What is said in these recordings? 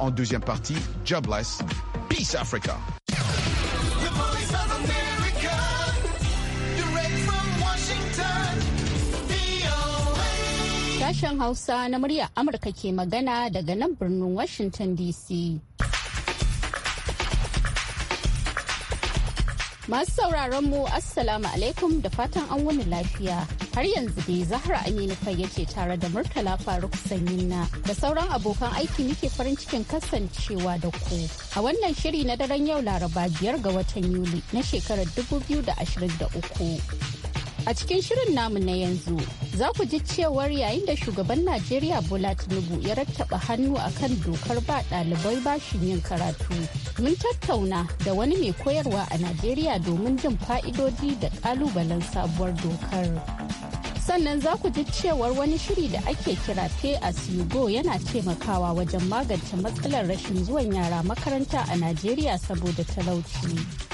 en deuxième partie, Jobless, Peace Africa. Sashen Hausa na murya Amurka ke magana daga nan birnin Washington DC. Masu sauraron mu Assalamu alaikum da fatan an wani lafiya. Har yanzu dai Zahra Aminu fayya tare da Murtala Faruk Sanyinna da sauran abokan aiki muke farin cikin kasancewa da ku. A wannan shiri na daren yau Laraba biyar ga watan Yuli na shekarar 2023. A cikin shirin namu na yanzu za ku ji cewar yayin da shugaban Najeriya Bola Tinubu ya rattaba hannu akan dokar ba ɗalibai bashin yin karatu. Mun tattauna da wani mai koyarwa a Najeriya domin jin fa'idodi da ƙalubalen sabuwar dokar. sannan za ku ji cewar wani shiri da ake kira pay as you go yana taimakawa wajen magance matsalar rashin zuwan yara makaranta a najeriya saboda talauci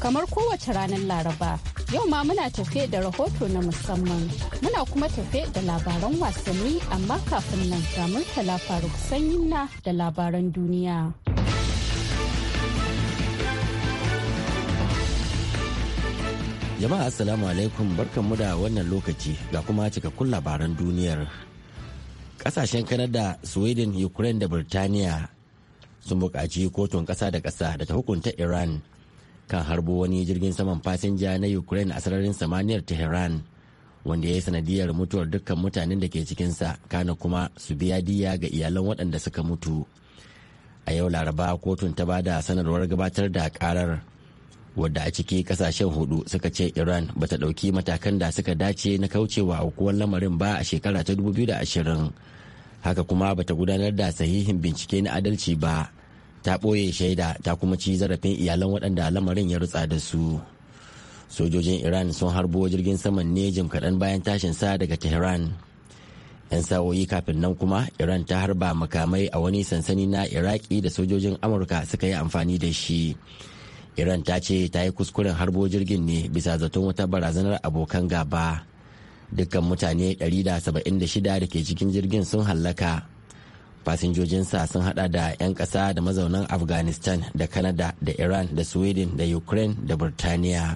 kamar kowace ranar laraba yau ma muna tafe da rahoto na musamman muna kuma tafe da labaran wasanni amma kafin nan ga murtala faruk sanyin na da labaran duniya jama'a assalamu alaikum barkanmu da wannan lokaci ga kuma cikakkun labaran duniyar kasashen kanada sweden ukraine da birtaniya sun buƙaci kotun ƙasa da ƙasa da ta hukunta iran kan harbo wani jirgin saman fasinja na ukraine a sararin samaniyar tehran wanda ya yi sanadiyar mutuwar dukkan mutanen da ke cikinsa kana kuma su biya diya ga iyalan waɗanda suka mutu a yau laraba kotun ta ba da sanarwar gabatar da karar wadda a ciki kasashen hudu suka ce iran ba ta ɗauki matakan da suka dace na kaucewa aukuwar lamarin ba a shekara ta 2020 haka kuma ba ta gudanar da sahihin bincike na adalci ba ta ɓoye shaida ta kuma ci zarafin iyalan waɗanda lamarin ya rutsa da su sojojin iran sun harbo jirgin saman ne kaɗan bayan tashin sa daga tehran yan sawoyi kafin nan kuma iran ta harba makamai a wani sansani na iraki da sojojin amurka suka yi amfani da shi iran ta ce ta yi kuskuren harbo jirgin ne bisa zaton wata barazanar abokan gaba dukkan mutane 176 da ke cikin jirgin sun hallaka fasinjojinsa sun hada da 'yan kasa da mazaunan afghanistan da canada da iran da sweden da ukraine da birtaniya.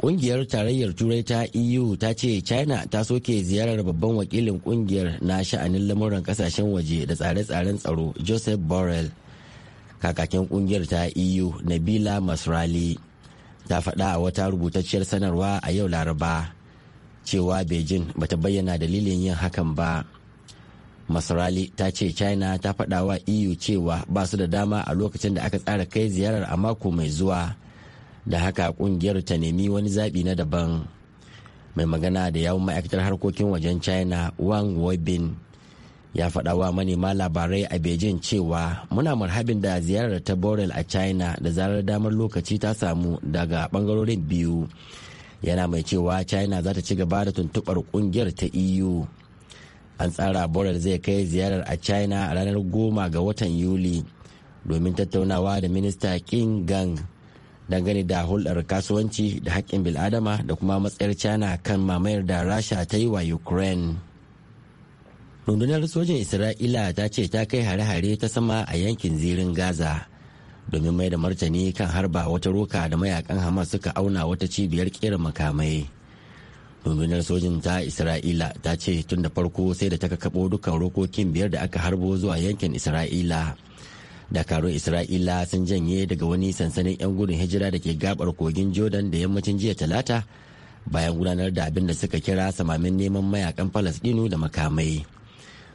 kungiyar tarayyar turai ta eu ta ce china ta soke ziyarar babban wakilin kungiyar na sha'anin lamuran kasashen waje da tsare-tsaren tsaro joseph borrell kakakin kungiyar ta eu nabila masrali ta faɗa a wata rubutacciyar sanarwa a yau laraba cewa beijing bata bayyana dalilin yin hakan ba. masrali ta ce china ta faɗa wa eu cewa ba su da dama a lokacin da aka tsara kai ziyarar a mako mai zuwa da haka kungiyar ta nemi wani zaɓi na daban mai magana da yawon ma'aikatar harkokin wajen china wang weibin ya faɗa wa manema labarai a beijing cewa muna marhabin da ziyarar ta borel a china da zarar damar lokaci ta samu daga bangarorin biyu yana mai cewa china za ta ci gaba da tuntuɓar kungiyar ta eu an tsara borar zai kai ziyarar a china a ranar goma ga watan yuli domin tattaunawa da minista king gang dangane da hulɗar kasuwanci da haƙƙin bil'adama da kuma matsayar china kan mamayar da rasha ta yi wa ukraine rundunar sojin isra'ila ta ce ta kai hare-hare ta sama a yankin zirin gaza domin mai da martani kan harba wata roka da mayakan hamas suka auna wata cibiyar kera makamai rundunar sojin ta isra'ila ta ce tun da farko sai da ta kaɓo dukkan rokokin biyar da aka harbo zuwa yankin isra'ila dakarun isra'ila sun janye daga wani sansanin 'yan gudun hijira da ke gabar kogin jordan da yammacin jiya talata bayan gudanar da abin da suka kira samamin neman mayakan falasdinu da makamai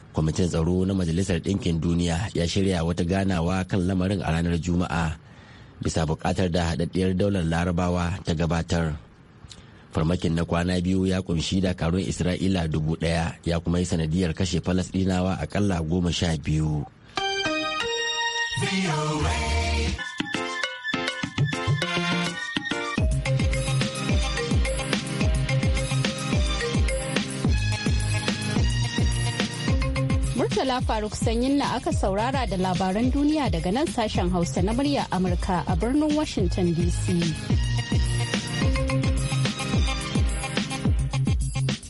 kwamitin tsaro na majalisar ɗinkin duniya ya shirya wata ganawa kan lamarin a ranar juma'a bisa buƙatar da haɗaɗɗiyar daular larabawa ta gabatar farmakin na kwana biyu ya kunshi dakarun isra'ila dubu daya ya kuma yi sanadiyar kashe falasdinawa akalla goma sha biyu Murtala Faruk Sanyin na aka saurara da labaran duniya daga nan sashen Hausa na murya Amurka a birnin Washington DC.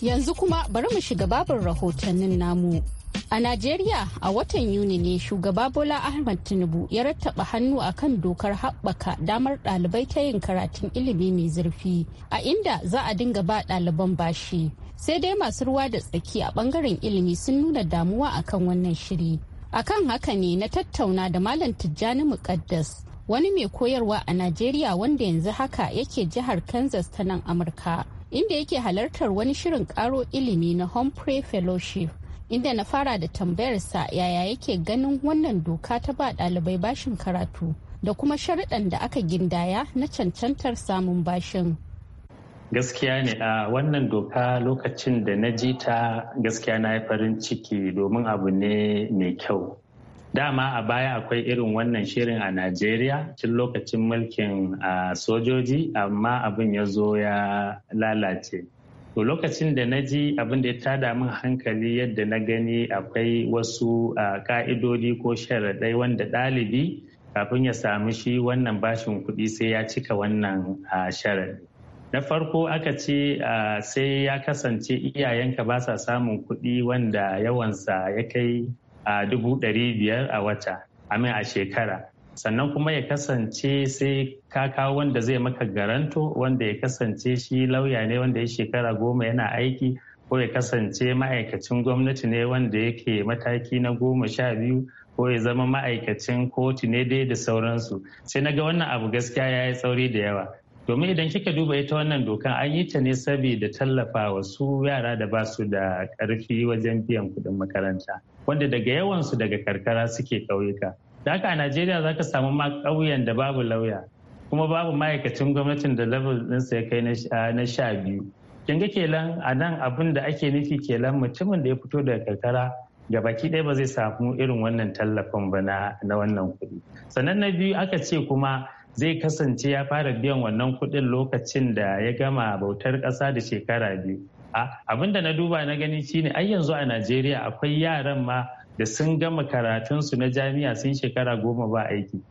Yanzu kuma bari mu shiga babin rahotannin namu. A Najeriya a watan Yuni ne shugaba Bola Ahmed Tinubu ya rattaba hannu akan dokar haɓaka damar ɗalibai ta yin karatun ilimi mai zurfi a inda za a dinga ba ɗaliban bashi. Sai dai masu ruwa da tsaki a ɓangaren ilimi sun nuna damuwa akan wannan shiri. Akan haka ne na tattauna da Malam Tijjani Muƙaddas wani mai koyarwa a Najeriya wanda yanzu haka yake jihar Kansas ta nan Amurka. inda yake halartar wani shirin karo ilimi na Humphrey Fellowship. Inda na fara da tambayarsa yaya yake ganin wannan doka ta ba ɗalibai bashin karatu da kuma sharuɗan da aka gindaya na cancantar samun bashin. gaskiya ne a wannan doka lokacin da na ji ta gaskiya na yi farin ciki domin abu ne mai kyau dama a baya akwai irin wannan shirin a najeriya tun lokacin mulkin sojoji amma abin ya zo ya lalace to lokacin da na ji abin da ya tada min hankali yadda na gani akwai wasu ka'idodi ko sharaɗai wanda ɗalibi kafin ya samu shi wannan bashin kuɗi sai ya cika wannan sharaɗi na farko aka ce sai ya kasance iyayenka ba sa samun kuɗi wanda yawansa ya kai a dubu ɗari biyar a wata amin a shekara sannan kuma ya kasance sai ka kawo wanda zai maka garanto wanda ya kasance shi lauya ne wanda ya shekara goma yana aiki ko ya kasance ma'aikacin gwamnati ne wanda yake mataki na goma sha biyu ko ya zama ma'aikacin kotu ne dai da sauransu sai na ga wannan abu gaskiya ya yi tsauri da yawa domin idan kika duba ita wannan dokan an yi ta ne saboda tallafa wa su yara da ba su da karfi wajen biyan kuɗin makaranta wanda daga yawansu daga karkara suke kauyuka. da haka a najeriya za ka samu ma ƙauyen da babu lauya kuma babu ma'aikacin gwamnatin da level ɗinsa ya kai na sha biyu kin ga kelan a nan abin da ake nufi kelan mutumin da ya fito daga karkara ga baki ɗaya ba zai samu irin wannan tallafin ba na wannan kuɗi sannan na biyu aka ce kuma zai kasance ya fara biyan wannan kuɗin lokacin da ya gama bautar ƙasa da shekara biyu abin da na duba na gani shine ai yanzu a najeriya akwai yaran ma da sun gama karatunsu na jami'a sun shekara goma ba aiki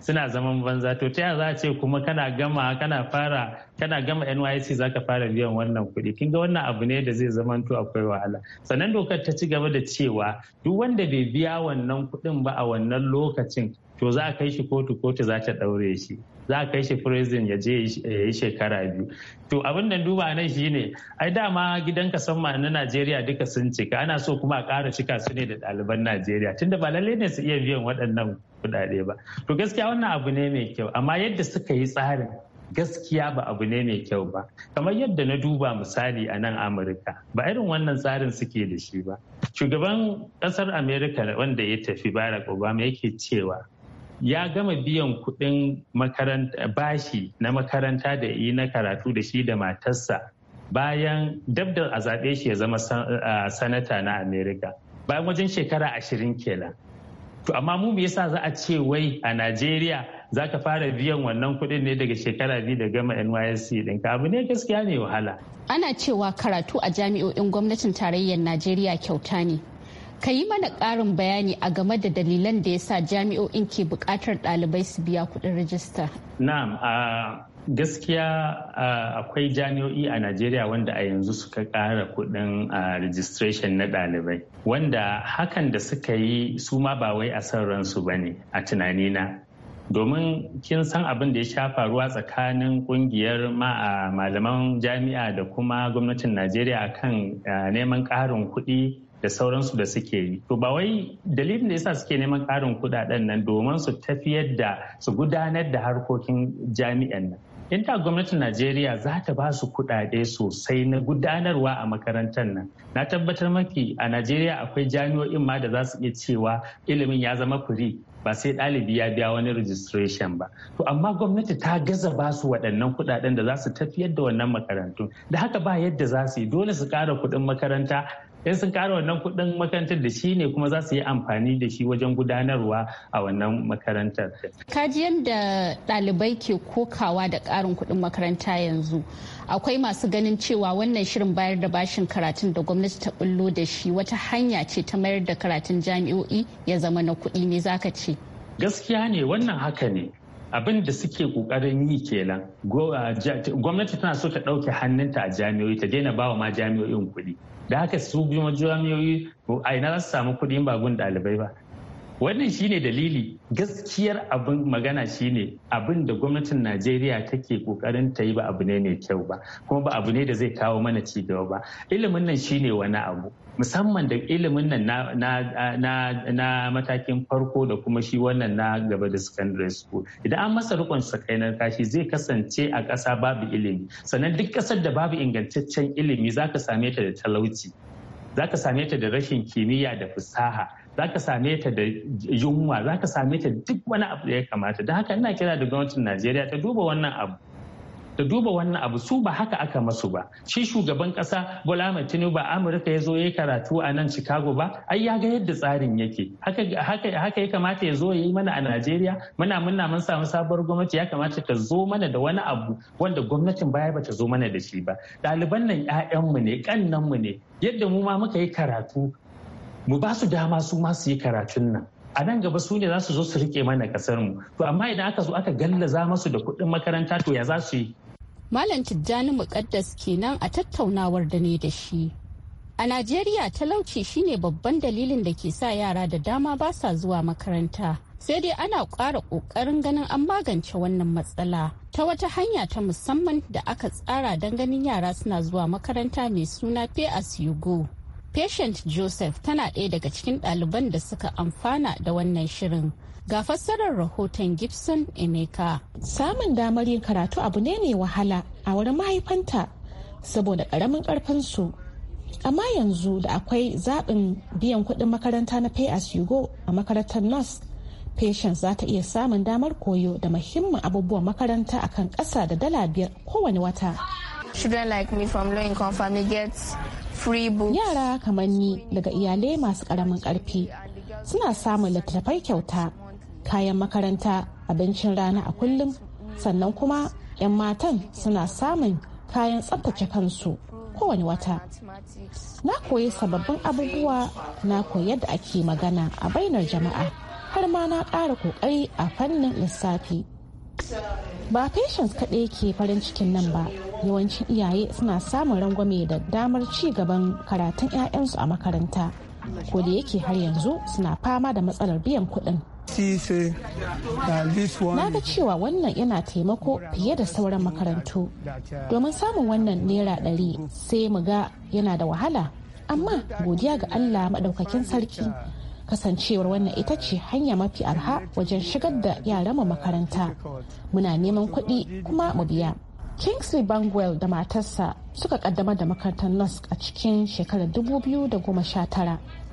suna zaman banza to ta za a ce kuma kana gama kana fara kana gama NYC za ka fara biyan wannan kuɗi kin ga wannan abu ne da zai zamanto akwai wahala sannan dokar ta ci gaba da cewa duk wanda bai biya wannan kuɗin ba a wannan lokacin to za a kai shi kotu kotu za ta ɗaure shi za a kai shi prison ya je ya yi shekara biyu to abin da duba nan shi ne ai dama gidan ka ma na najeriya duka sun cika ana so kuma a ƙara cika su ne da ɗaliban najeriya tunda ba lallai ne su iya biyan waɗannan kuɗaɗe ba to gaskiya wannan abu ne mai kyau amma yadda suka yi tsarin gaskiya ba abu ne mai kyau ba kamar yadda na duba misali a nan amurka ba irin wannan tsarin suke da shi ba shugaban ƙasar amerika wanda ya tafi barack obama yake cewa ya gama biyan kuɗin bashi na makaranta da yi na karatu da shi da matarsa bayan dabda a zaɓe shi ya zama sanata na amerika bayan wajen shekara ashirin kenan to amma mu me yasa za a ce wai a najeriya za ka fara biyan wannan kuɗin ne daga shekara biyu da gama nysc ɗinka abu ne gaskiya ne wahala ana cewa karatu a jami'o'in gwamnatin tarayyar najeriya kyauta ne ka yi mana ƙarin bayani a game da dalilan da ya sa jami'o'in ke buƙatar ɗalibai su biya kuɗin rajista na'am gaskiya akwai jami'o'i a najeriya wanda a yanzu suka ƙara kuɗin registration na ɗalibai wanda hakan da suka yi su ma ba wai a son ransu ba ne a tunanina domin kin san abin da ya sha faruwa tsakanin kungiyar malaman jami'a da kuma gwamnatin najeriya kan neman ƙarin kuɗi da sauransu da suke yi to ba wai dalilin da yasa suke neman ƙarin kuɗaɗen nan domin su tafiyar da su gudanar da harkokin jami'an nan in da gwamnatin najeriya za ta ba su kuɗaɗe sosai na gudanarwa a makarantar nan na tabbatar maki a najeriya akwai jami'o'in ma da za su iya cewa ilimin ya zama firi ba sai ɗalibi ya biya wani registration ba to amma gwamnati ta gaza ba su waɗannan kuɗaɗen da za su tafiyar da wannan makarantu. da haka ba yadda za su yi dole su ƙara kuɗin makaranta in sun kara wannan kuɗin makarantar da shi ne kuma za su yi amfani da shi wajen gudanarwa a wannan makarantar. kaji yadda ɗalibai ke kokawa da ƙarin kuɗin makaranta yanzu akwai masu ganin cewa wannan shirin bayar da bashin karatun da gwamnati ta bullo da shi wata hanya ce ta mayar da karatun jami'o'i ya zama na kuɗi ne zaka ce gaskiya ne wannan haka ne abin da suke kokarin yi kenan gwamnati tana so ta ɗauke hannunta a jami'oi ta daina bawa ma jami'o'in kuɗi da haka su biyu jami'oi a ina za su samu kuɗi ba gun ɗalibai ba wannan shine dalili gaskiyar abin magana shine abin da gwamnatin najeriya take kokarin ta yi ba abu ne mai kyau ba kuma ba abu ne da zai kawo mana ci gaba ba ilimin nan shine wani abu musamman da ilimin nan na, matakin farko da kuma shi wannan na gaba da secondary school idan an masa rikon sakainar kashi zai kasance a ƙasa babu ilimi sannan duk ƙasar da babu ingantaccen ilimi za ka same ta da talauci za ka same ta da rashin kimiyya da fasaha za ka same ta da yunwa za ka same ta duk wani abu da ya kamata da haka ina kira da gwamnatin najeriya ta duba wannan abu da duba wannan abu su ba haka aka masu ba shi shugaban kasa bola matinu tinubu ba amurka ya zo ya karatu a nan chicago ba ai ya ga yadda tsarin yake haka ya kamata ya zo ya yi mana a najeriya muna muna mun samu sabuwar gwamnati ya kamata ta zo mana da wani abu wanda gwamnatin baya ba ta zo mana da shi ba ɗaliban nan mu ne mu ne yadda mu ma muka yi karatu mu ba su dama su ma su yi karatun nan a nan gaba su ne za su zo su rike mana kasar mu to amma idan aka zo aka gallaza masu da kuɗin makaranta to ya za su yi malam tijjani muƙaddas kenan a tattaunawar da ne da shi a najeriya talauci shine babban dalilin da ke sa yara da dama ba sa zuwa makaranta sai dai ana ƙara ƙoƙarin ganin an magance wannan matsala ta wata hanya ta musamman da aka tsara don ganin yara suna zuwa makaranta mai suna pay as you go Patient Joseph tana ɗaya daga cikin ɗaliban da suka amfana da wannan shirin. Ga fassarar rahoton Gibson Emeka. Samun damar yin karatu abu ne mai wahala a wurin mahaifanta saboda ƙaramin ƙarfinsu. Amma yanzu da akwai zaɓin biyan kuɗin makaranta na pay as you go a makarantar nurse patient za ta iya samun damar koyo da muhimmin abubuwan makaranta akan ƙasa da dala biyar kowane wata. Children like me from low income family get Yara kamar ni daga iyalai masu ƙaramin karfi suna samun littattafai kyauta, kayan makaranta, abincin rana a kullum, sannan kuma 'yan matan suna samun kayan tsaftace kansu kowane wata. Na koyi sababbin abubuwa, na koyi yadda ake magana a bainar jama'a, har ma na ƙara kokari a fannin lissafi. ba patients kaɗai ke farin cikin nan ba yawancin iyaye suna samun rangwame da damar ci gaban karatun 'ya'yansu a makaranta ko da yake har yanzu suna fama da matsalar biyan kuɗin na ga cewa wannan yana taimako fiye da sauran makarantu domin samun wannan naira ɗari sai mu ga yana da wahala amma godiya ga allah maɗaukakin sarki kasancewar wannan ita ce hanya mafi arha wajen shigar da yaran mu makaranta muna neman kuɗi kuma mu biya kingsley bangwell da matarsa suka kaddamar da makarantar nusk a cikin shekarar 2019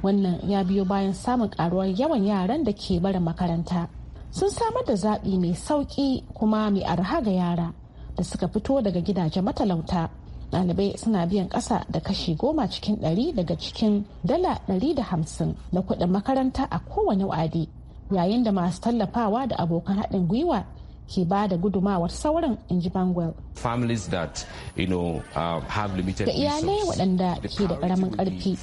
wannan ya biyo bayan samun karuwar yawan yaran da ke barin makaranta sun samar da zaɓi mai sauƙi kuma mai arha ga yara da suka fito daga gidajen matalauta ɗalibai suna biyan ƙasa da kashi goma cikin ɗari daga cikin dala ɗari da hamsin na kuɗin makaranta a kowane wa'adi yayin da masu tallafawa da abokan haɗin gwiwa ke ba da gudumawar sauran in ji Bangwell. Ga uh, iyalai waɗanda ke da ƙaramin ƙarfi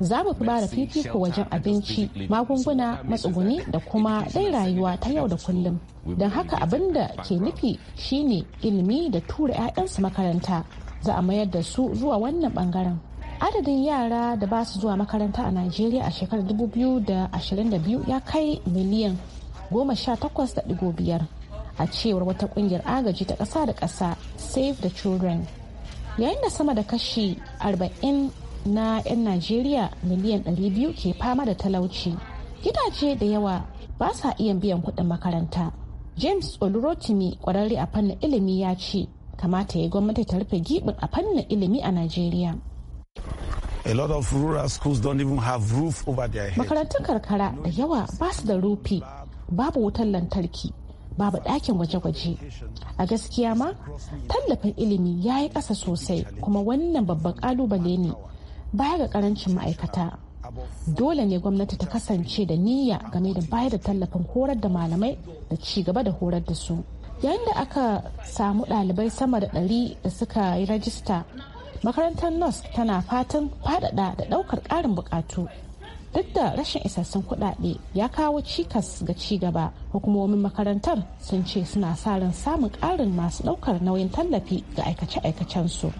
za mu fi ba da fifiko wajen abinci, magunguna, matsuguni da kuma ɗai rayuwa ta yau da kullum. Don haka abin da ke nufi shine ilimi da tura 'ya'yansu makaranta za a mayar da su zuwa wannan bangaren adadin yara da ba su zuwa makaranta a najeriya a shekarar 2022 ya kai miliyan 18.5 a cewar wata kungiyar agaji ta kasa da kasa save the children yayin da sama da kashi 40 na 'yan najeriya miliyan 200 ke fama da talauci gidaje da yawa ba sa iya biyan kuɗin makaranta james olurotimi kwararre a fannin ilimi ya ce kamata ya gwamnati ta rufe gibin a fannin ilimi a Najeriya. A lot of rural schools don't even have roof over their heads. Makarantun karkara da yawa ba su da rufi, babu wutar lantarki, babu ɗakin gwaje-gwaje. A gaskiya ma, tallafin ilimi ya yi ƙasa sosai kuma wannan babban ƙalubale ne baya ga ƙarancin ma'aikata. Dole ne gwamnati ta kasance da niyya game da bayar da tallafin horar da malamai da ci gaba da horar da su. yayin da aka samu dalibai sama da ɗari da suka yi rajista makarantar nos tana fatan faɗaɗa da ɗaukar ƙarin buƙatu duk da rashin isassun kuɗaɗe ya kawo cikas ga ci gaba hukumomin makarantar sun ce suna sa ran samun ƙarin masu ɗaukar nauyin tallafi ga aikace-aikacensu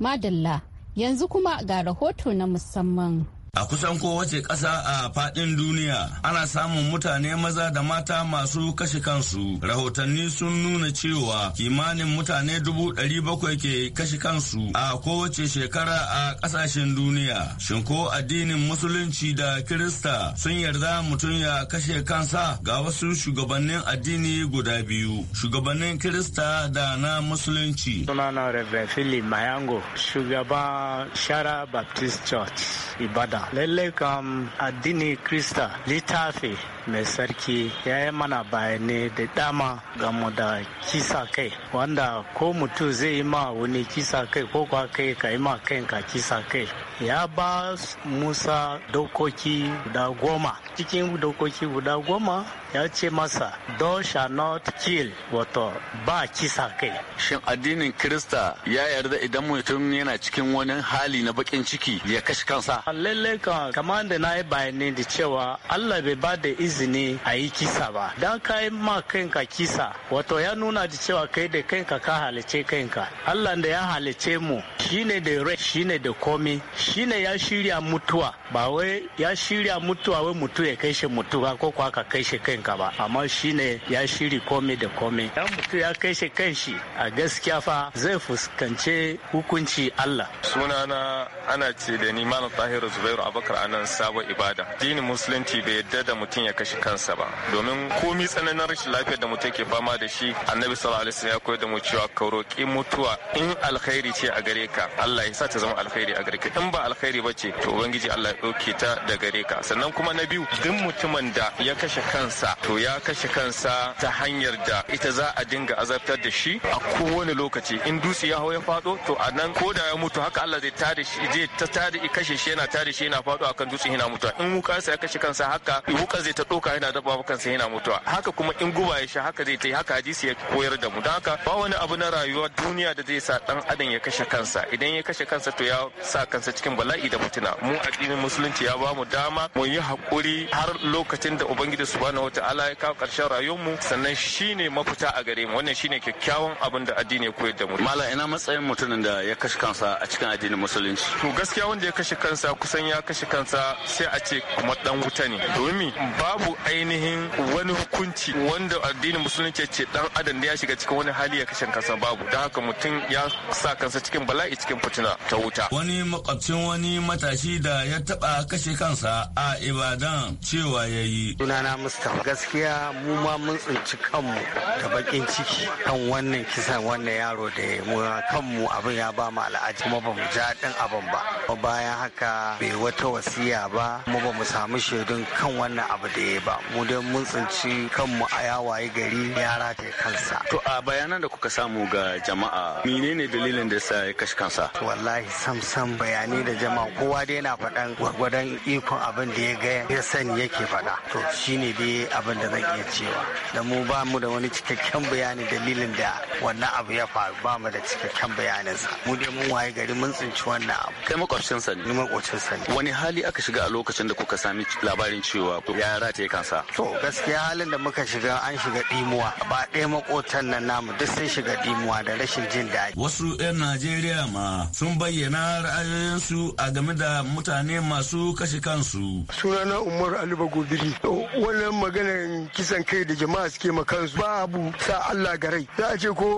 madalla yanzu kuma ga rahoto na musamman A kusan kowace ƙasa a faɗin duniya ana samun mutane maza da mata masu kashe kansu. Rahotanni sun nuna cewa kimanin mutane dubu ɗari bakwai ke kashe kansu a kowace shekara a ƙasashen duniya. Shin ko addinin Musulunci da Kirista sun yarda mutum ya kashe kansa ga wasu shugabannin addini guda biyu. Shugabannin Kirista da na Musulunci. Sunana Reverend Philip Mayango, shugaban Shara Baptist Church, Ibadan. lallai kam addini krista littafi mai sarki ya yi mana bayanai da dama gamu da kisa kai wanda ko mutum zai yi ma wani kisa kai ko kwa kai ka yi ma kanka kisa kai ya ba musa dokoki guda goma cikin dokoki guda goma ya ce masa don shall not kill wato ba kisa kai shin addinin krista ya yarda idan mutum yana cikin wani hali na bakin ciki ya kashe kansa lallai kan kamar da na yi bayani da cewa allah bai ba da izini a yi kisa ba dan ka yi ma kanka kisa wato ya nuna da cewa kai da kanka ka halice kanka allah da ya halice mu shine da rai shine da komi shine ya shirya mutuwa ba wai ya shirya mutuwa wai mutu ya kai shi mutuwa ko kuwa ka kai shi kanka ba amma shine ya shiri komai da komai ya mutu ya kai shi kanshi a gaskiya fa zai fuskance hukunci Allah sunana ana ce da ni malam tahiru zubairu abakar anan sabo ibada dini musulunci bai yadda da mutum ya kashe kansa ba domin komai tsananin rashin lafiya da mutum ke fama da shi annabi sallallahu alaihi wasallam ya koyar da mu cewa ka roki mutuwa in alkhairi ce a gare ka Allah ya sa ta zama alkhairi a gare ka in ba alkhairi ba ce to ubangiji Allah ya dauke ta da gare ka sannan kuma na biyu duk mutumin da ya kashe kansa to ya kashe kansa ta hanyar da ita za a dinga azabtar da shi a kowane lokaci in dutse ya hawo ya fado to a nan ko da ya mutu haka Allah zai tada shi zai ta tada kashe shi yana tada shi yana fado akan dutse yana mutuwa in wuka sa ya kashe kansa haka wuka zai ta doka yana dafa kansa yana mutuwa haka kuma in guba ya sha haka zai ta yi haka hadisi ya koyar da mu don haka ba wani abu na rayuwa duniya da zai sa dan adam ya kashe kansa idan ya kashe kansa to ya sa kansa cikin bala'i da fitina mu addinin musulunci ya bamu dama mu yi hakuri har lokacin da ubangiji subhanahu wataala ya kawo karshen rayuwarmu sannan shine mafita a gare mu wannan shine kyakkyawan abin da addini ya koyar da mu malam ina matsayin mutumin da ya kashe kansa a cikin addinin musulunci to gaskiya wanda ya kashe kansa kusan ya kashe kansa sai a ce kuma dan wuta ne domin babu ainihin wani hukunci wanda addinin musulunci ce dan adam da ya shiga cikin wani hali ya kashe kansa babu don haka mutum ya sa kansa cikin bala'i cikin fitina ta wuta wani makwabci bakin wani matashi da ya taba kashe kansa a Ibadan cewa ya yi. Sunana Mustapha gaskiya mu ma mun tsinci kanmu da bakin ciki kan wannan kisan wannan yaro da ya mu kanmu abin ya ba mu al'aji kuma ba mu ja ɗin abin ba. Bayan haka bai wata wasiya ba mu ba mu samu shaidun kan wannan abu da ya ba. Mu dai mun tsinci kanmu a yawaye gari yara rataye kansa. To a bayanan da kuka samu ga jama'a menene dalilin da ya sa ya kashe kansa? Wallahi sam sam bayanai da jama'a kowa dai yana faɗan gwargwadon ikon abin da ya ga ya sani yake faɗa to shine dai abin da zan iya cewa da mu ba mu da wani cikakken bayanin dalilin da wannan abu ya faru ba mu da cikakken bayaninsa mu dai mun waye gari mun tsinci wannan abu kai sa ne makwabcin sa ne wani hali aka shiga a lokacin da kuka sami labarin cewa ya rataye kansa to gaskiya halin da muka shiga an shiga dimuwa ba ɗaya makotan nan namu duk sun shiga dimuwa da rashin jin daɗi wasu 'yan najeriya ma sun bayyana ra'ayoyinsu su a game da mutane masu kashe kansu. Sunana Umar Ali Bagobiri. Wannan maganar kisan kai da jama'a suke ma kansu ba abu sa Allah garai. Za a ce ko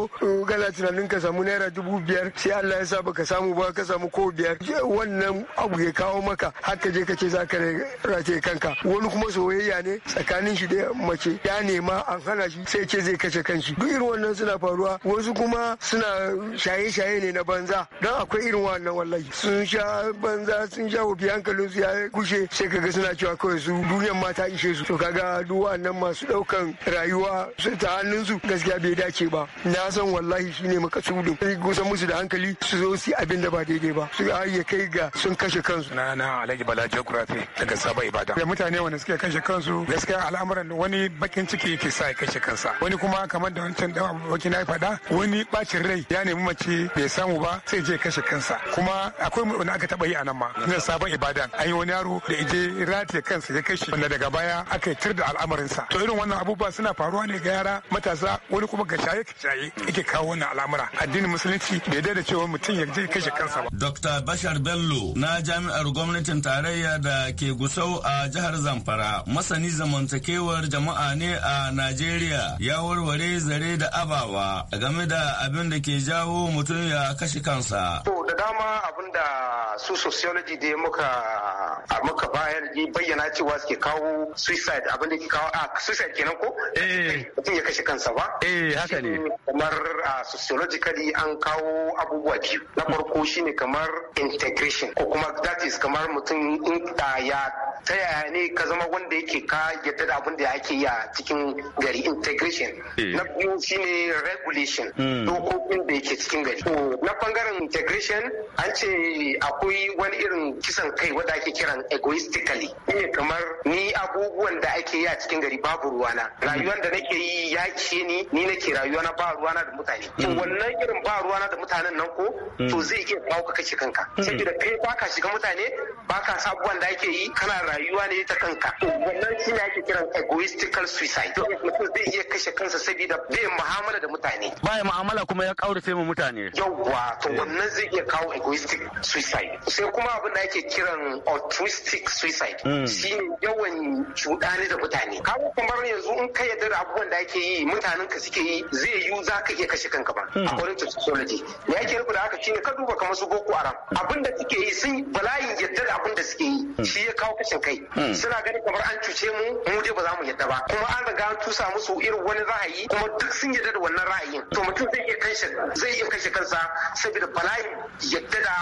gana uh, tunanin ka samu naira dubu biyar sai Allah ya sa ka samu ba ka samu ko biyar. Wannan abu ya kawo maka har ka je ka ce za ka rataye kanka. Wani kuma soyayya ne tsakanin shi da mace ya nema an hana shi sai ce zai kashe kanshi. Duk irin wannan suna faruwa wasu kuma suna shaye-shaye ne na banza don akwai irin wannan wallahi sun sha banza sun ja biyan hankalin su ya kushe sai kaga suna cewa kawai su duniyan ma ta ishe su to kaga duwa nan masu daukan rayuwa su ta hannun su gaskiya bai dace ba na san wallahi shine makasudin sai kusan musu da hankali su zo su abin da ba daidai ba su ya kai ga sun kashe kansu na na Alhaji Bala geography daga Saba Ibadan da mutane wanda suke kashe kansu gaskiya al'amuran wani bakin ciki yake sa ya kashe kansa wani kuma kamar da wancan dan abokin na faɗa wani bacin rai ya nemi mace bai samu ba sai je kashe kansa kuma akwai aka taba yi a nan ma na sabon ibadan an yi wani yaro da ije rataye kansa ya kashi wanda daga baya aka yi tir da al'amarinsa to irin wannan abubuwa suna faruwa ne ga yara matasa wani kuma ga shaye shaye yake kawo wannan al'amura addinin musulunci bai da cewa mutum ya je kashe kansa ba dr bashar bello na jami'ar gwamnatin tarayya da ke gusau a jihar zamfara masani zamantakewar jama'a ne a najeriya ya warware zare da ababa game da abin da ke jawo mutum ya kashe kansa to da dama abin da su sociology da muka muka bayar bayyana cewa suke kawo suicide abin da ke kawo a suicide kenan ko eh. mutum ya kashe kansa ba eh haka ne kamar sociologically an kawo abubuwa biyu na farko shine kamar integration ko kuma that is kamar mutum in ya ta yaya ne ka zama wanda yake ka yadda da abin da ake yi a cikin gari integration eh. na biyu shine regulation hmm. dokokin da yake cikin gari na bangaren integration an ce akwai wani irin kisan kai wanda ake kiran egoistically ne kamar ni abubuwan da ake yi a cikin gari babu ruwana rayuwar da nake yi ya ce ni ni nake rayuwa na ba ruwana da mutane to hmm. wannan irin ba ruwana da mutanen nan ko hmm. to zai iya kawo ka kashe kanka hmm. saboda kai baka shiga mutane baka abubuwan da ake yi kana rayuwa ne ta kanka to wannan ne ake kiran egoistical suicide mutum zai iya kashe kansa saboda bai mu'amala da mutane bai mu'amala kuma ya kaurace mu mutane yawwa to wannan zai iya kawo egoistic suicide suicide sai kuma abin da ake kiran altruistic suicide hmm. shi ne yawan ne da mutane kawo kamar yanzu in ka yarda da abubuwan da ake yi mutanen ka suke yi zai yiwu za ka iya kashe kanka ba hmm. according to sociology me ake rubuta da haka shine ka duba kamar su boko haram abin da suke yi sun bala'in yarda da abin da suke yi hmm. shi ya kawo kashin kai suna ganin kamar an cuce mu mu dai ba za mu yarda ba kuma an riga an tusa musu irin wani ra'ayi kuma duk sun yarda da wannan ra'ayin to mutum zai iya kashe zai iya kashe kansa saboda bala'in yarda da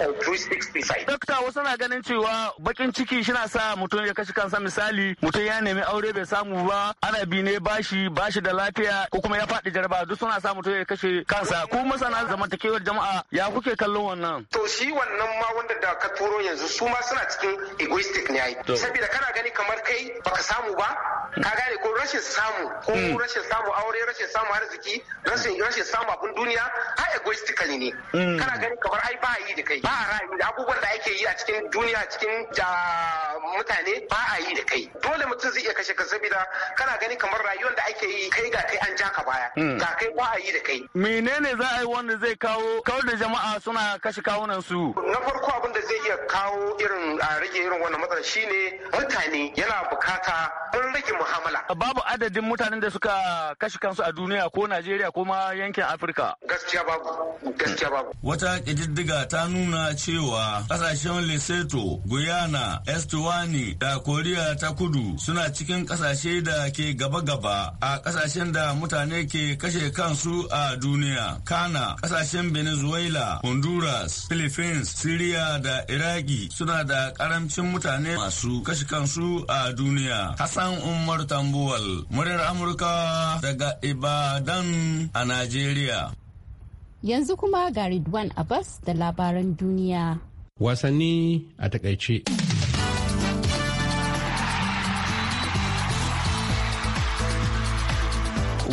altruistic suicide. Dokta wasu na ganin cewa bakin ciki shi na sa mutum ya kashe kansa misali mutum ya nemi aure bai samu ba ana bi ne bashi bashi da lafiya ko kuma ya faɗi jaraba duk suna sa mutum ya kashe kansa ko masana zamantakewar jama'a ya kuke kallon wannan. To shi wannan ma wanda da ka turo yanzu su ma suna cikin egoistic ne ai. Saboda kana gani kamar kai baka samu ba ka gane ko rashin samu ko hmm. rashin samu aure rashin samu arziki rashin rashin samu abun duniya har egoistically ne. Hmm. Kana gani kamar ai ba a yi da kai ba a ra'ayi da abubuwan da ake yi a cikin duniya cikin mutane ba a yi da kai dole mutum zai iya kashe ka saboda kana gani kamar rayuwar da ake yi kai ga kai an ja ka baya hmm. ga kai ba a yi da kai menene za a yi wanda zai kawo kawar da jama'a suna kashe kawunan su na farko abin da zai iya kawo irin a rage irin wannan matsalar shine mutane yana bukata an rage muhammala babu adadin mutanen da suka kashe kansu a duniya ko Najeriya ko ma yankin Afirka gaskiya babu gaskiya babu wata kididdiga ta nuna cewa ƙasashen Lesotho, Guyana, Estuani da Koriya ta kudu suna cikin ƙasashe da ke gaba-gaba a ƙasashen da mutane ke kashe kansu a duniya. Kana, ƙasashen Venezuela, Honduras, Philippines, Syria da Iraki suna da ƙaramcin mutane masu kashe kansu a duniya. Hassan Umar Tambuwal, muryar Amurka daga Ibadan a Najeriya. Yanzu kuma ga Ridwan Abbas da labaran duniya. Wasanni a takaice.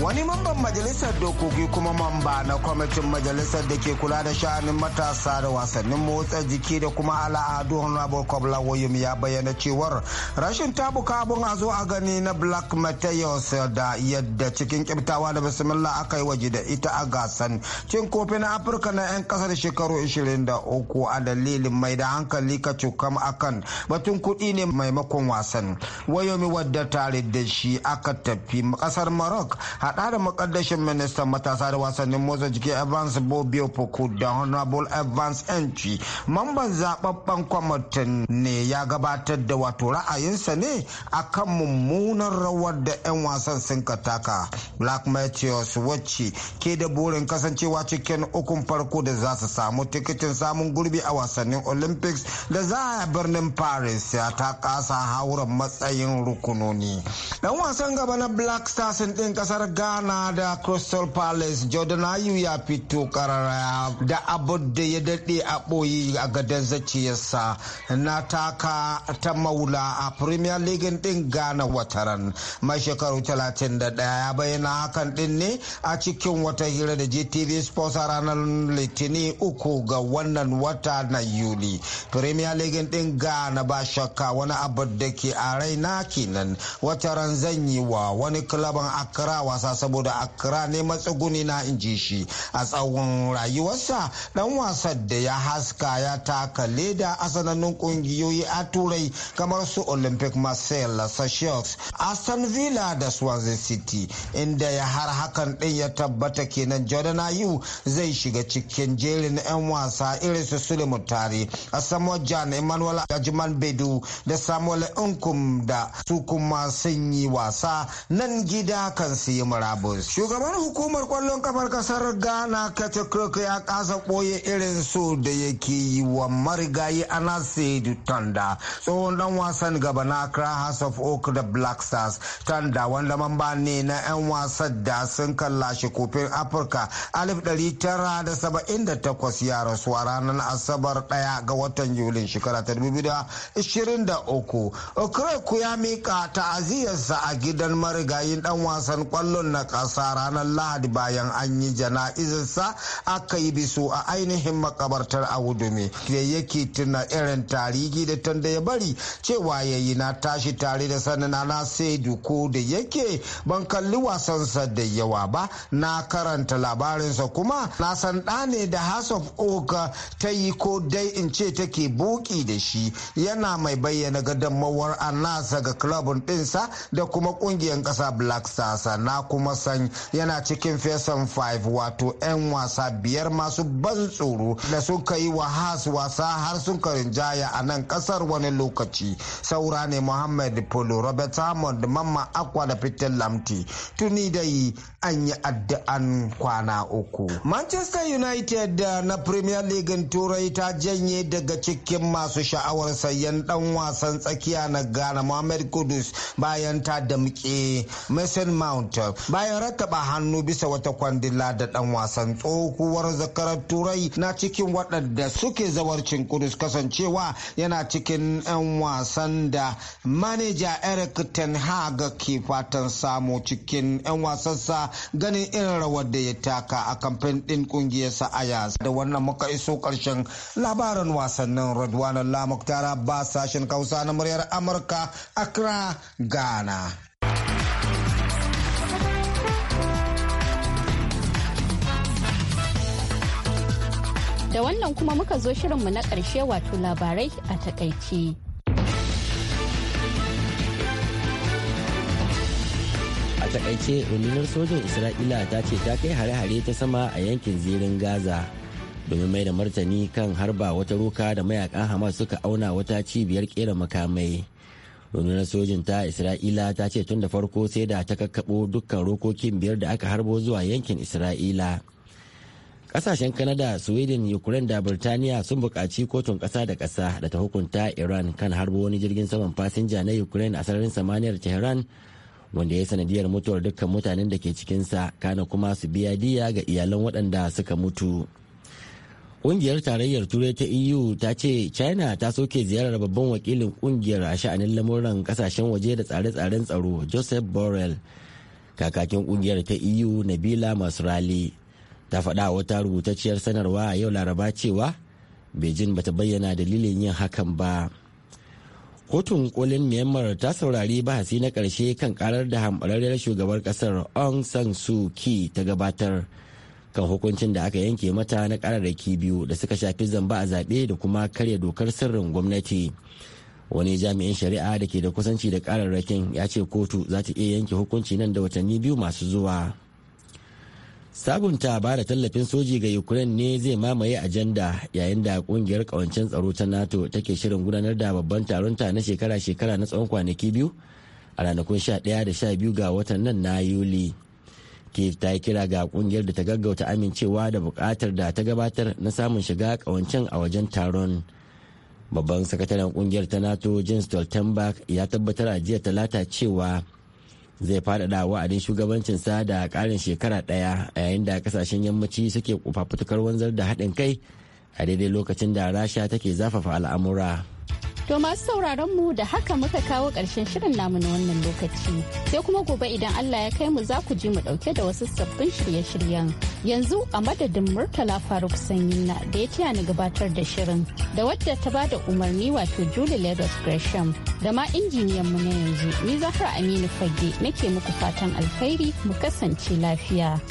wani mamban majalisar dokoki kuma mamba na kwamitin majalisar da ke kula da sha'anin matasa da wasannin motsa jiki da kuma al'adu honorable kwabla william ya bayyana cewar rashin tabuka abin a zo a gani na black mateus da yadda cikin kibtawa da bismillah aka yi waje da ita a gasan cin kofi na afirka na 'yan kasa da shekaru 23 a dalilin mai da hankali ka cukam akan batun kuɗi ne maimakon wasan wayomi wadda tare da shi aka tafi kasar maroc hada da makaddashin ministan matasa da wasannin motsa jiki evans bobio poku da honorable evans ng mamban zababben kwamitin ne ya gabatar da wato ra'ayinsa ne a kan mummunan rawar da 'yan wasan sun taka black matthews wacce ke da burin kasancewa cikin ukun farko da za su samu tikitin samun gurbi a wasannin olympics da za a birnin paris ya ta kasa hauren matsayin rukunoni dan wasan gaba na black stars din kasar ghana da crystal palace jordan ayu ya fito karara da abu da ya daɗe a ɓoyi a gadon zaciyarsa na taka ta maula a premier league ɗin ghana wataran mai shekaru 31 ya bayyana hakan ɗin ne a cikin wata hira da gtv sports a ranar litini uku ga wannan wata na yuli premier league ɗin ghana ba shakka wani abu da ke a raina kenan wataran zan yi wa wani klaban akra wasa saboda saboda kira ne matsuguni na inji shi a tsawon rayuwarsa dan wasan da ya haska ya taka leda a sanannun kungiyoyi a turai kamar su Olympic Marseille, Seychelles, Aston Villa da Swansea City inda ya har hakan din ya tabbata kenan Jordan ayu zai shiga cikin jerin 'yan wasa irin su Suleiman Tare, samuwar Jan, Emmanuel Ajman Bedu da samuwar inkum da su kuma sun yi wasa nan gida kan su yi murabus shugaban hukumar kwallon kafar kasar ghana kete ya kasa boye irin so da yake yi wa marigayi anase tanda tsohon dan wasan gaba na accra house of oak da black stars tanda wanda mamba ne na 'yan wasan da sun shi kofin afirka 1978 ya rasu a ranar asabar daya ga watan yulin shekara ta 2023 okreku ya mika ta'aziyarsa a gidan marigayin dan wasan kwallon London na ƙasa ranar Lahadi bayan an yi jana'izinsa aka yi biso a ainihin makabartar wudumi da yake tuna irin tarihi da tanda ya bari cewa ya yi na tashi tare da sanana na Saidu ko da yake ban kalli wasansa da yawa ba na karanta labarinsa kuma na san ɗa ne da House of Oak ta yi ko dai in ce take buki da shi yana mai bayyana gadon mawar a nasa ga klabin ɗinsa da kuma ƙungiyar ƙasa Black Stars na kuma san yana cikin fesan 5 wato 'yan wasa biyar masu ban tsoro da suka yi wa has wasa har sun rinjaya a nan kasar wani lokaci saura ne muhammad polo robert hammond mamma akwa da peter lamti tuni dai an yi addu'an kwana uku manchester united da na premier league turai ta janye daga cikin masu sha'awar sayan dan wasan tsakiya na ghana muhammad kudus bayan ta damke mason mount bayan rattaba hannu bisa wata kwandila da dan wasan tsohuwar zakarar turai na cikin waɗanda suke zawarcin kudus kasancewa yana cikin 'yan wasan da maneja eric ten hag ke fatan samu cikin 'yan wasansa ganin irin rawar da ya taka a kamfen ɗin ƙungiyarsa yasa da wannan muka iso ƙarshen labarin wasannin radwanan lamuktara ba sashen kausa na muryar amurka accra ghana Da wannan kuma muka zo shirinmu na karshe wato labarai a takaice. A takaice rundunar sojin Isra'ila ta ce ta kai hare-hare ta sama a yankin zirin Gaza domin mai da martani kan harba wata roka da mayakan Hamas suka auna wata cibiyar kera makamai. rundunar sojin ta isra'ila ta ce tun da farko sai da ta kakkaɓo dukkan rokokin biyar da aka harbo zuwa yankin isra'ila kasashen canada sweden ukraine da birtaniya sun buƙaci kotun ƙasa da ƙasa da ta hukunta iran kan harbo wani jirgin saman fasinja na ukraine a sararin samaniyar tehran wanda ya sanadiyar mutuwar dukkan mutanen da ke cikinsa kana kuma su biya diya ga iyalan waɗanda suka mutu ƙungiyar tarayyar turai ta eu ta ce china ta soke ziyarar babban wakilin ƙungiyar a sha'anin lamuran ƙasashen waje da tsare-tsaren tsaro joseph borrell kakakin ƙungiyar ta eu nabila masrali ta faɗa wata rubutacciyar sanarwa a yau laraba cewa beijing bata bayyana dalilin yin hakan ba kotun kolin myanmar ta saurari bahasi na ƙarshe kan karar da hamɓararriyar shugabar ƙasar aung san suu kyi ta gabatar kan hukuncin da aka yanke mata na kararraki biyu da suka shafi zamba a zaɓe da kuma karya dokar sirrin gwamnati wani jami'in shari'a da ke da kusanci da kararrakin ya ce kotu za ta iya yanke hukunci nan da watanni biyu masu zuwa sabunta ba da tallafin soji ga ukraine ne zai mamaye ajanda yayin da kungiyar kawancen tsaro ta nato take shirin gudanar da babban taron ta na shekara-shekara na tsawon kwanaki biyu a ranakun 11 da 12 ga watan nan na yuli kif ta yi kira ga kungiyar da ta gaggauta amincewa da bukatar da ta gabatar na samun shiga kawancen a wajen taron babban sakataren kungiyar ta nato jens stoltenberg ya tabbatar a jiya talata cewa zai faɗaɗa wa'adin shugabancinsa da ƙarin shekara ɗaya a yayin da ƙasashen yammaci suke kufafutukar wanzar da haɗin kai a daidai lokacin da rasha take zafafa al'amura To masu sauraron mu da haka muka kawo ƙarshen shirin namu na wannan lokaci. Sai kuma gobe idan Allah ya kai mu za ku ji mu ɗauke da wasu sabbin shirye-shiryen. Yanzu a madadin Murtala Faruk Sanyina da ya tiya ni gabatar da shirin da wadda ta ba da umarni wato Julie Lagos Gresham da ma injiniyan mu na yanzu ni Zahra Aminu Fage nake muku fatan alkhairi mu kasance lafiya.